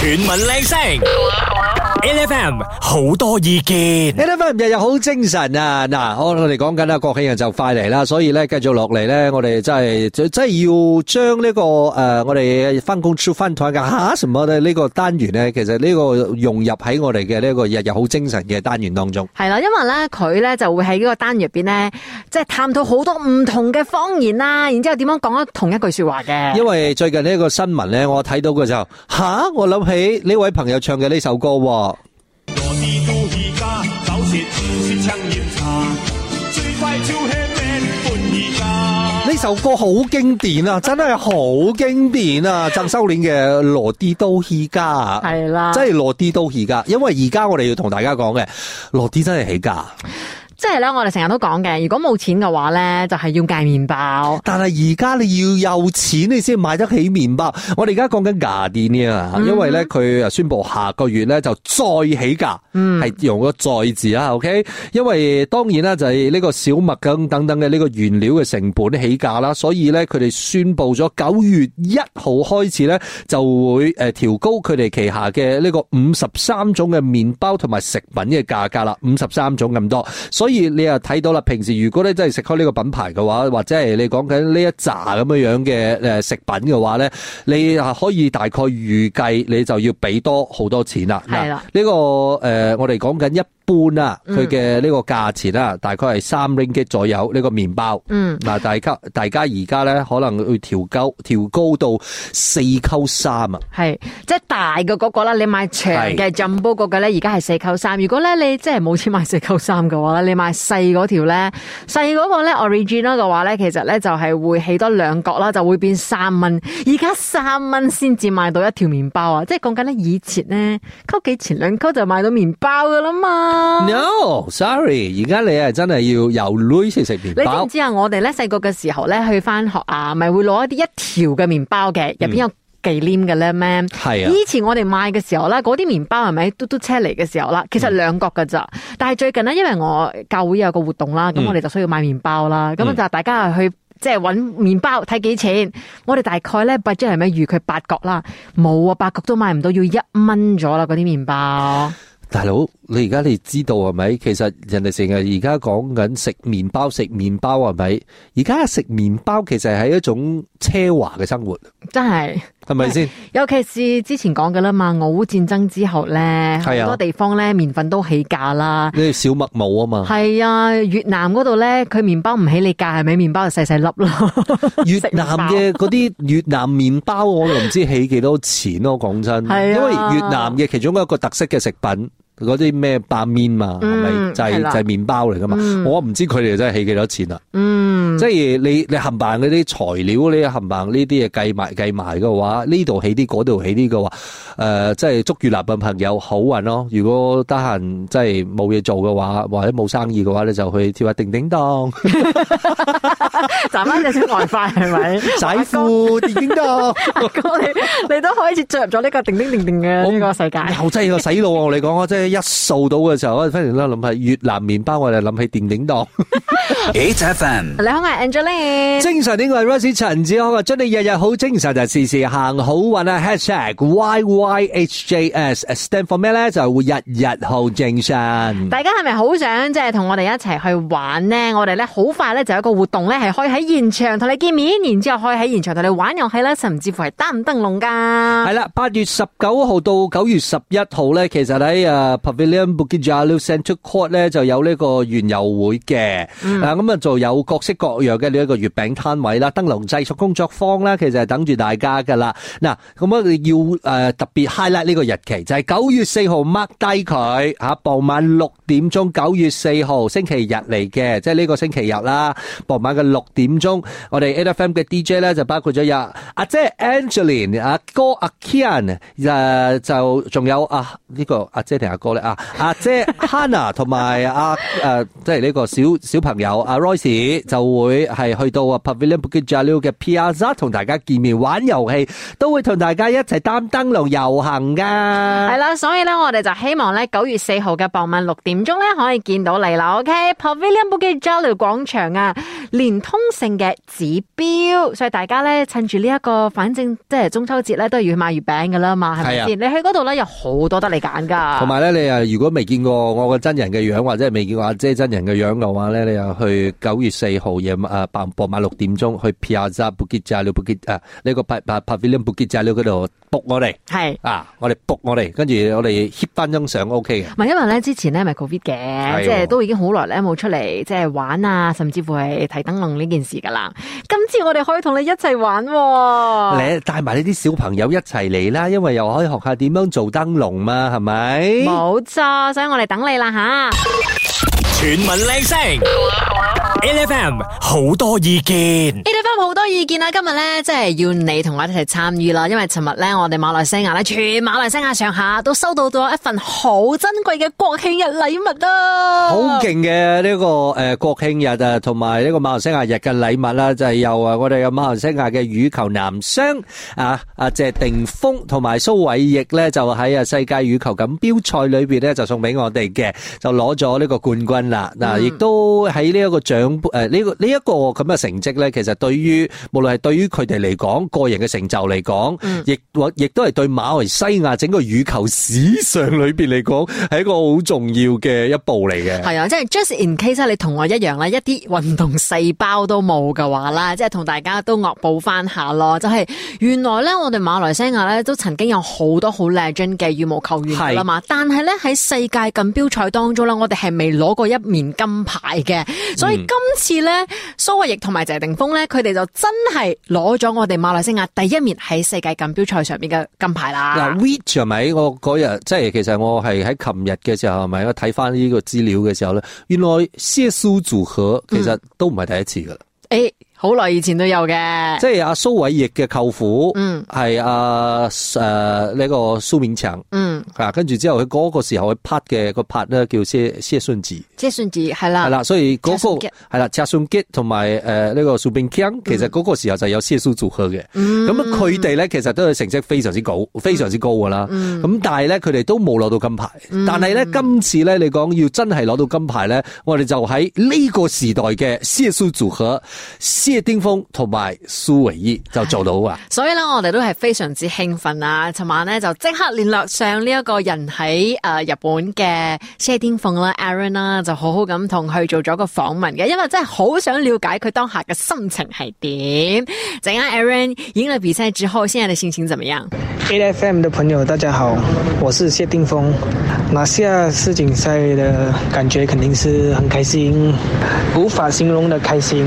全民靚聲，L F M 好多意見，L F M 日日好精神啊！嗱，我我哋講緊啦，國慶日就快嚟啦，所以咧繼續落嚟咧，我哋真係真係要將呢個誒，我哋返工出返台嘅吓什麼咧？呢個單元咧，其實呢個融入喺我哋嘅呢個日日好精神嘅單元當中。係啦，因為咧佢咧就會喺呢個單元入邊咧，即係探討好多唔同嘅方言啦，然之後點樣講同一句說話嘅。因為最近呢一個新聞咧，我睇到嘅時候，吓我諗。起呢位朋友唱嘅呢首歌，呢首歌好經典啊，真係好經典啊！鄭秀蓮嘅《羅啲都起家》，係啦，真係羅啲都起家。因為而家我哋要同大家講嘅羅啲真係起家。即係咧，我哋成日都講嘅，如果冇錢嘅話咧，就係、是、要戒麵包。但係而家你要有錢，你先買得起麵包。我哋而家講緊牙電呢啊，mm -hmm. 因為咧佢啊宣布下個月咧就再起價，係、mm -hmm. 用個再字啊。OK，因為當然啦，就係呢個小麥咁等等嘅呢個原料嘅成本起價啦，所以咧佢哋宣布咗九月一號開始咧就會誒調高佢哋旗下嘅呢個五十三種嘅麵包同埋食品嘅價格啦，五十三種咁多，所以。所以你又睇到啦，平時如果你真係食開呢個品牌嘅話，或者係你講緊呢一扎咁樣樣嘅誒食品嘅話咧，你啊可以大概預計你就要俾多好多錢啦。係啦，呢、呢個誒、呃、我哋講緊一。半啊，佢嘅呢個價錢啊，大概係三 ringgit 左右呢個麵包。嗯，嗱，大家大家而家咧可能要調高，調高到四扣三啊。係，即係大嘅嗰個啦，你買長嘅浸煲嗰個咧，而家係四扣三。如果咧你真係冇錢買四扣三嘅話咧，你買細嗰條咧，細嗰個咧 original 嘅話咧，其實咧就係會起多兩角啦，就會變三蚊。而家三蚊先至買到一條麵包啊！即係講緊咧，以前呢扣幾錢兩扣就買到麵包噶啦嘛。No，sorry，而家你係真係要由女先食麵包。你知唔知啊？我哋咧細個嘅時候咧去返學啊，咪會攞一啲一條嘅麵包嘅，入邊有忌廉嘅咧咩？係、嗯、啊。以前我哋買嘅時候咧，嗰啲麵包係咪嘟嘟車嚟嘅時候啦？其實兩角㗎咋，但係最近呢，因為我教會有個活動啦，咁我哋就需要買麵包啦，咁、嗯、就大家去即係搵麵包睇幾錢。嗯、我哋大概咧 budget 係咪？預佢八角啦，冇啊，八角都買唔到，要一蚊咗啦嗰啲麵包，大佬。你而家你知道係咪？其實人哋成日而家講緊食麵包，食麵包係咪？而家食麵包其實係一種奢華嘅生活，真係？係咪先？尤其是之前講嘅啦嘛，俄烏戰爭之後咧，係啊，好多地方咧麵粉都起價啦。你小麥冇啊嘛？係啊，越南嗰度咧，佢麵包唔起你價係咪？麵包就細細粒咯。越南嘅嗰啲越南麵包，我又唔知起幾多錢咯。講真，係啊，因為越南嘅其中一個特色嘅食品。嗰啲咩包麵嘛，係咪就係就係麵包嚟噶嘛？我唔知佢哋真係起幾多錢啦。嗯，即係、就是就是嗯嗯就是、你你冚唪唥嗰啲材料，你冚唪唥呢啲嘢計埋計埋嘅話，呢度起啲，嗰度起啲嘅話，誒、嗯，即係祝越南朋友好運咯。如果得閒即係冇嘢做嘅話，或者冇生意嘅話你就去跳下叮叮噹，賺返啲外快係咪？洗褲叮叮噹？你你都開始入咗呢個叮叮叮叮嘅呢個世界，又真係個洗腦我嚟講係。你一掃到嘅時候，我哋忽然咧諗起越南麵包，我哋諗起電影檔。Eight FM，你好，我係 Angelina。精神呢個係 Rosie 陳子康，祝你日日好精神，就時時行好運啊！Hashtag Y Y H J S stand for 咩咧？就係會日日好精神。大家係咪好想即係同我哋一齊去玩咧？我哋咧好快咧就有一個活動咧，係可以喺現場同你見面，然之後可以喺現場同你玩遊戲啦，甚至乎係擔燈籠㗎。係啦，八月十九號到九月十一號咧，其實喺誒。Pavilion Bukit Jalil Centre Court 咧就有呢個園遊會嘅，啊咁啊就有各式各樣嘅呢一個月餅攤位啦，燈籠製作工作坊啦，其實係等住大家噶啦。嗱，咁我哋要誒特別 highlight 呢個日期，就係九月四號 mark 低佢嚇，傍晚六點鐘，九月四號星期日嚟嘅，即係呢個星期日啦，傍晚嘅六點鐘，我哋 A F M 嘅 D J 咧就包括咗有阿姐 Angeline、阿哥阿 Ken，誒就仲有阿呢個阿姐定阿哥。我 哋啊即姐 Hannah 同埋阿、啊、誒、啊，即係呢個小小朋友阿、啊、Royce 就會係去到啊 Pavilion Bukit Jalil 嘅 Piazza 同大家見面玩遊戲，都會同大家一齊擔燈籠遊行噶。係啦，所以呢，我哋就希望呢九月四號嘅傍晚六點鐘呢可以見到你啦。OK，Pavilion、OK? Bukit Jalil 廣場啊，連通性嘅指標，所以大家呢趁住呢一個，反正即係中秋節呢都係要去買月餅噶啦嘛，係咪先？你去嗰度呢有好多得你揀噶，同埋呢你。如果未見過我個真人嘅樣，或者未見過阿姐真人嘅樣嘅話呢，你又去九月四號夜啊，白傍晚六點鐘去 Piazza，Bukit Jalil，Bukit 啊，你個拍拍拍 Pavilion 咧，Bukit Jalil 那裏卜我哋係啊，我哋卜我哋，跟住我哋貼翻張相，O K 嘅。唔係因為咧，之前咧咪 Covid 嘅，即係都已經好耐咧冇出嚟即係玩啊，甚至乎係睇燈籠呢件事噶啦。今次我哋可以同你一齊玩，你帶埋你啲小朋友一齊嚟啦，因為又可以學下點樣做燈籠嘛，係咪？冇錯，所以我哋等你啦吓。全民靚聲，Elephant 好多意見。好多意見啦！今日咧，即係要你同我一齊參與啦，因為尋日咧，我哋馬來西亞咧，全馬來西亞上下都收到咗一份好珍貴嘅國慶日禮物啦！好勁嘅呢個誒國慶日啊，同埋呢個馬來西亞日嘅禮物啦，就係又啊，我哋有馬來西亞嘅羽球男雙啊啊謝定峰同埋蘇偉奕咧，就喺啊世界羽球錦標賽裏邊咧，就送俾我哋嘅，就攞咗呢個冠軍啦！嗱，亦都喺呢一個獎誒呢個呢一個咁嘅成績咧，其實對。於無論係對於佢哋嚟講個人嘅成就嚟講、嗯，亦或亦都係對馬來西亞整個羽球史上裏邊嚟講係一個好重要嘅一步嚟嘅、嗯。係啊，即、就、係、是、just in case 你同我一樣啦，一啲運動細胞都冇嘅話啦，即係同大家都惡補翻下咯。就係、是、原來咧，我哋馬來西亞咧都曾經有好多好靚精嘅羽毛球員啦嘛，但係咧喺世界錦標賽當中咧，我哋係未攞過一面金牌嘅。所以今次咧，蘇偉奕同埋謝定峰咧，佢哋。就真係攞咗我哋馬來西亞第一面喺世界錦標賽上面嘅金牌啦、嗯！嗱，which 係咪？我嗰日即係其實我係喺琴日嘅時候，係咪我睇翻呢個資料嘅時候咧，原來謝蘇組合其實都唔係第一次噶啦。好耐以前都有嘅，即係阿蘇偉業嘅舅父，啊，嗯，係阿誒呢個蘇炳強，嗯，啊，跟住之後佢嗰個時候佢拍嘅個拍咧叫謝謝順治，謝順治係啦，係啦，所以嗰，那個係啦，謝順吉同埋誒呢個蘇炳強，嗯，其實嗰個時候就有謝蘇組合嘅，咁佢哋咧其實都係成績非常之高，非常之高噶啦，咁，嗯嗯，但係咧佢哋都冇攞到金牌，嗯，但係咧，嗯，今次咧你講要真係攞到金牌咧，嗯，我哋就喺呢個時代嘅謝蘇組合。謝定峰同埋蘇維伊就做到啊！所以呢，我哋都係非常之興奮啊！尋晚呢，就即刻聯絡上呢一個人喺誒日本嘅謝定峰啦，Aaron 啦，就好好咁同佢做咗個訪問嘅，因為真係好想了解佢當下嘅心情係點。陣間，Aaron 贏了比賽之後，現在的心情怎麼樣？AFM 嘅朋友，大家好，我是謝定峰。拿下世錦賽嘅感覺，肯定是很開心，無法形容的開心。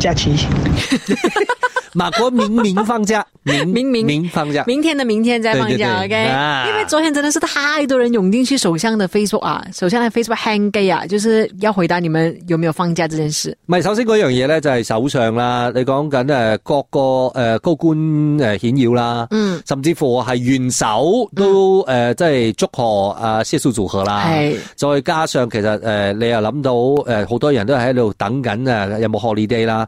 假期，馬國明明放假，明明明，明放假，明天的明天再放假對對對，OK？、啊、因為昨天真的是太多人湧進去首相的 Facebook 啊，首相的 Facebook hang gay 啊，就是要回答你們有沒有放假這件事。唔係，首先嗰樣嘢咧就係首相啦，你講緊誒各個誒高官誒顯要啦，嗯，甚至乎係元首都誒即係祝賀啊謝蘇組合啦，係，再加上其實誒、呃、你又諗到誒好、呃、多人都喺度等緊誒有冇 holiday 啦。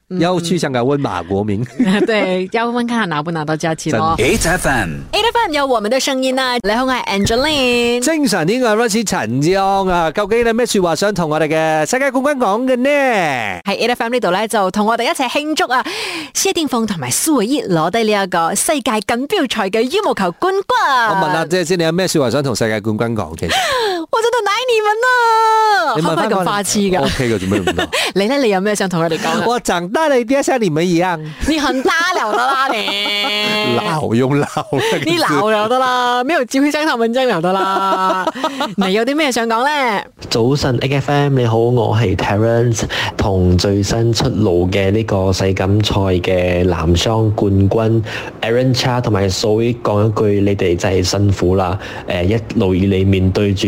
又、嗯、出香港問馬國明，對，要問看下拿不拿到假期咯。A F M，A F M 有我們的聲音啊，你好，我係 Angeline 精神呢個 Russell 陳志安啊，究竟你咩說話想同我哋嘅世界冠軍講嘅呢？喺 A F M 呢度咧就同我哋一齊慶祝啊！謝定峰同埋蘇偉儀攞低呢一個世界錦標賽嘅羽毛球冠軍。我問下，即係先，你有咩說話想同世界冠軍講嘅？ 我真係奶你們啊！你可唔可以咁花痴噶，OK 噶，準備準備。你咧，你有咩想同佢哋講？我長大了一定要像你們一樣。 你鬧啦，我得啦你。鬧用鬧。你鬧又得啦，咩智慧生頭文章又得啦。嗱， 有啲咩想講咧？早晨，AiFM 你好，我係 Terence，同最新出爐嘅呢個世錦賽嘅男雙冠軍 Aaron Chia 同埋 Soh 講一句，你哋真係辛苦啦。誒，一路以嚟面對住。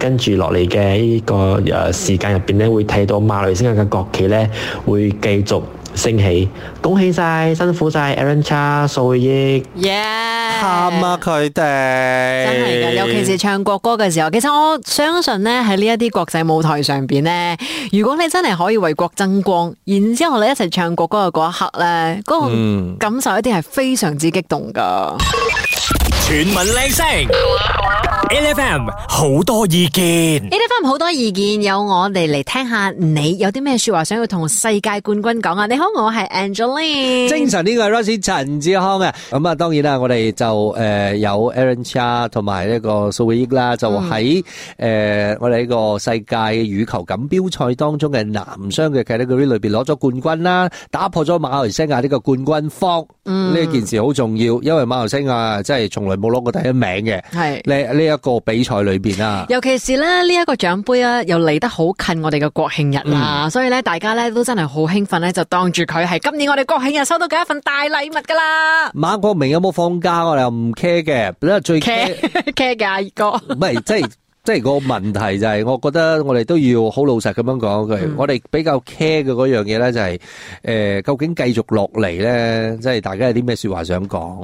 跟住落嚟嘅呢個誒時間入邊咧，會睇到馬來西亞嘅國旗咧，會繼續升起。恭喜曬，辛苦曬，Aaron Chia 數億，yeah！喊啊佢哋！真係嘅，尤其是唱國歌嘅時候。其實我相信咧，喺呢一啲國際舞台上邊咧，如果你真係可以為國爭光，然之後你一齊唱國歌嘅嗰一刻咧，嗰個感受一定係非常之激動㗎。全民靚聲，LFM 好多意見，LFM 好多意見，有我哋嚟聽下，你有啲咩說話想要同世界冠軍講啊？你好，我係 Angeline，精神呢個係 Russie 陳志康啊，咁、嗯、啊，當然啦，我哋就誒、呃、有 Aaron Chia 同埋呢個蘇偉益啦，就喺誒我哋呢個世界羽球錦標賽當中嘅男雙嘅 category 裏邊攞咗冠軍啦，打破咗馬來西亞呢個冠軍荒呢件事好重要，因為馬來西亞真係從來。冇攞過第一名嘅，呢呢一個比賽裏邊啦。尤其是咧呢一個獎杯啊，又嚟得好近我哋嘅國慶日啦，嗯，所以咧大家咧都真係好興奮咧，就當住佢係今年我哋國慶日收到嘅一份大禮物噶啦。馬國明有冇放假？我哋又唔 care 嘅，最 不過最 care care 嘅阿哥，唔係即係。 即係個問題就係，我覺得我哋都要好老實咁樣講一句，我哋比較 care 嘅嗰樣嘢咧就係，誒，究竟繼續落嚟咧，即係大家有啲咩說話想講，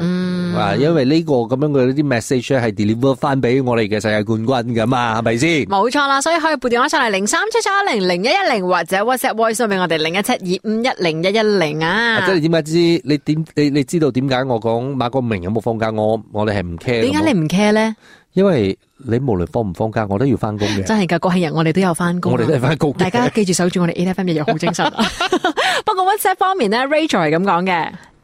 啊，因為呢個咁樣嘅一啲 message 係 deliver 翻俾我哋嘅世界冠軍噶嘛，係咪先？冇錯啦，所以可以撥電話上嚟零三七七一零零一一零，或者 WhatsApp voice 俾我哋零一七二五一零一一零啊。即係點解知？你點你你知道點解我講馬國明有冇放假？我我哋係唔 care。點解你唔 care 咧？因為你無論放唔放假，我都要翻工嘅。真係噶，國慶日我哋都有翻工。我哋都係翻工。大家記住守住我哋 AiFM 日日好精神。 不過 WhatsApp 方面咧，Rachel 係咁講嘅。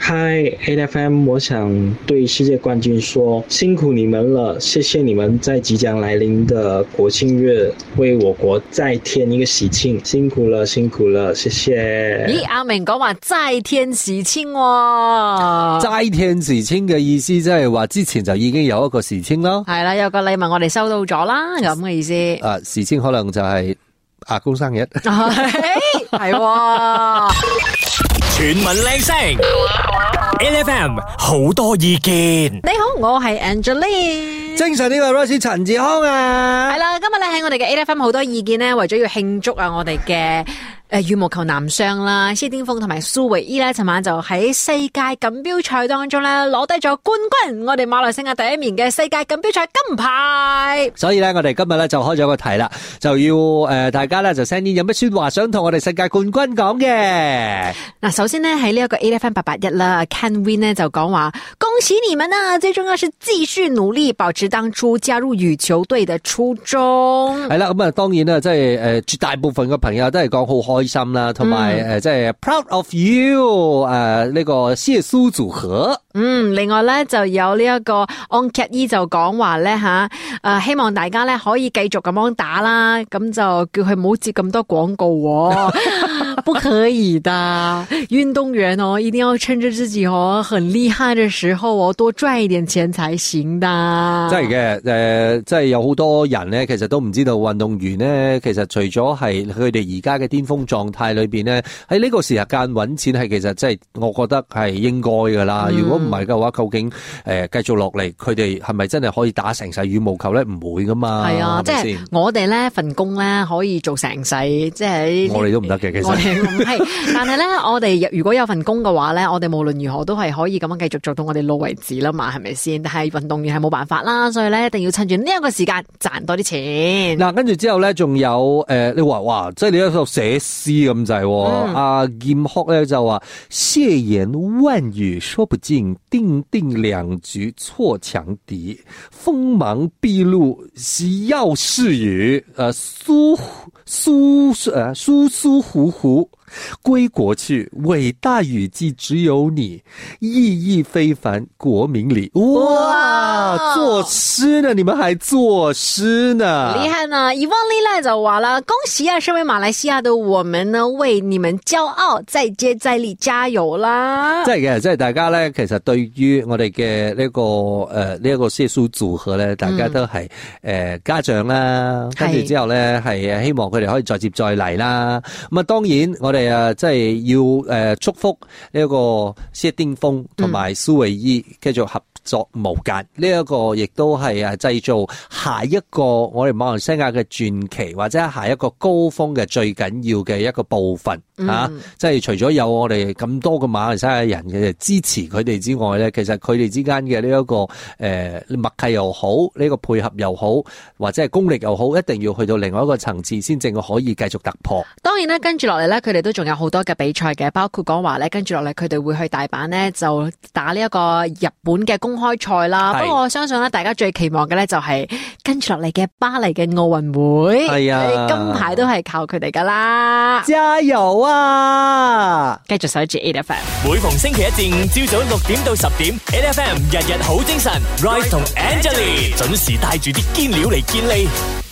Hi，A F M，我想對世界冠軍說，辛苦你們了，謝謝你們在即將來臨的國慶月為我國再添一個喜慶，辛苦了，辛苦了，謝謝。咦，阿明講話再添喜慶，再添喜慶嘅意思即係話之前就已經有一個喜慶咯。係啦，有個禮物我哋收到咗啦，咁嘅意思。啊，喜慶可能就係阿公生日。係 喎。 對哦 全民靚聲，L F M 好多意見。你好，我係 Angeline 精神呢位 r u s 陳志康啊，係啦，今日咧喺我哋嘅 a f m e 好多意見呢，為咗要慶祝啊，我哋嘅誒羽毛球男雙啦，謝定峰同埋蘇偉譯呢，尋晚就喺世界錦標賽當中呢，攞低咗冠軍，我哋馬來西亞第一面嘅世界錦標賽金牌。所以呢，我哋今日咧就開咗個題啦，就要誒、呃、大家咧就 send 有咩說話想同我哋世界冠軍講嘅。嗱，首先呢，喺呢一個 a f m e 八八一啦，Can Win 呢就講話恭喜你們啊，最重要是繼續努力，保持。當初加入羽球隊嘅初衷係啦，咁啊，當然啦，即係誒，絕大部分嘅朋友都係講好開心啦，同埋誒，即係 proud of you，誒，呢個謝蘇組合，嗯，另外咧就有呢一個 on cat 伊就講話咧吓，誒、啊，希望大家咧可以繼續咁樣打啦，咁就叫佢唔好接咁多廣告，哦。 不可以的，運動員哦，一定要趁着自己哦很厲害的時候哦，多賺一點錢才行的。真係嘅，誒、呃，即係有好多人咧，其實都唔知道運動員呢其實除咗係佢哋而家嘅巔峰狀態裏邊呢，喺呢個時間揾錢係其實即係我覺得係應該噶啦、嗯。如果唔係嘅話，究竟誒、呃、繼續落嚟，佢哋係咪真係可以打成世羽毛球咧？唔會噶嘛。係啊，即係、就是、我哋咧份工咧可以做成世，即、就、係、是、我哋都唔得嘅，其實。 係， 但係咧，我哋如果有份工嘅話咧，我哋無論如何都係可以咁樣繼續做到我哋老為止啦嘛，係咪先？但係運動員係冇辦法啦，所以咧一定要趁住呢一個時間賺多啲錢。嗱、嗯，跟住之後咧，仲有誒，你、呃、話哇，即係你喺度寫詩咁滯，阿劍鶴咧就話：謝言萬語說不盡，定定兩局挫強敵，鋒芒畢露是要匙語，誒、呃，蘇蘇是誒，蘇蘇服服。歸國去，偉大雨季只有你，意義非凡，國民裏哇，wow! 作詩呢？你們還作詩呢？厲害呢！Ivonne，你賴咗我啦！恭喜啊！身為馬來西亞的我們呢，為你們驕傲，再接再厲，加油啦！真係嘅，即係大家咧，其實對於我哋嘅呢個誒呢一個說書組合咧，大家都係誒、嗯呃、家長啦，跟住之後咧係希望佢哋可以再接再厲啦。咁、嗯、啊，當然我哋。係啊，即 係樂、就是、要誒祝福呢一個謝定峰同埋蘇維伊繼續合拍。作無間呢一個亦都係誒製造下一個我哋馬來西亞嘅傳奇，或者下一個高峰嘅最緊要嘅一個部分嚇、嗯啊。即係除咗有我哋咁多嘅馬來西亞人嘅支持佢哋之外咧，其實佢哋之間嘅呢一個誒、呃、默契又好，呢、這個配合又好，或者係功力又好，一定要去到另外一個層次先正可以繼續突破。當然啦，跟住落嚟咧，佢哋都仲有好多嘅比賽嘅，包括講話咧，跟住落嚟佢哋會去大阪咧就打呢一個日本嘅公。開賽啦，不過我相信咧，大家最期望嘅咧就係跟住落嚟嘅巴黎嘅奧運會，係啊，金牌都係靠佢哋噶啦，加油啊！繼續守住 8FM，每逢星期一至五朝早六點到十點，8FM 日日好精神，Ray 同 Angeline 準時帶住啲堅料嚟堅利。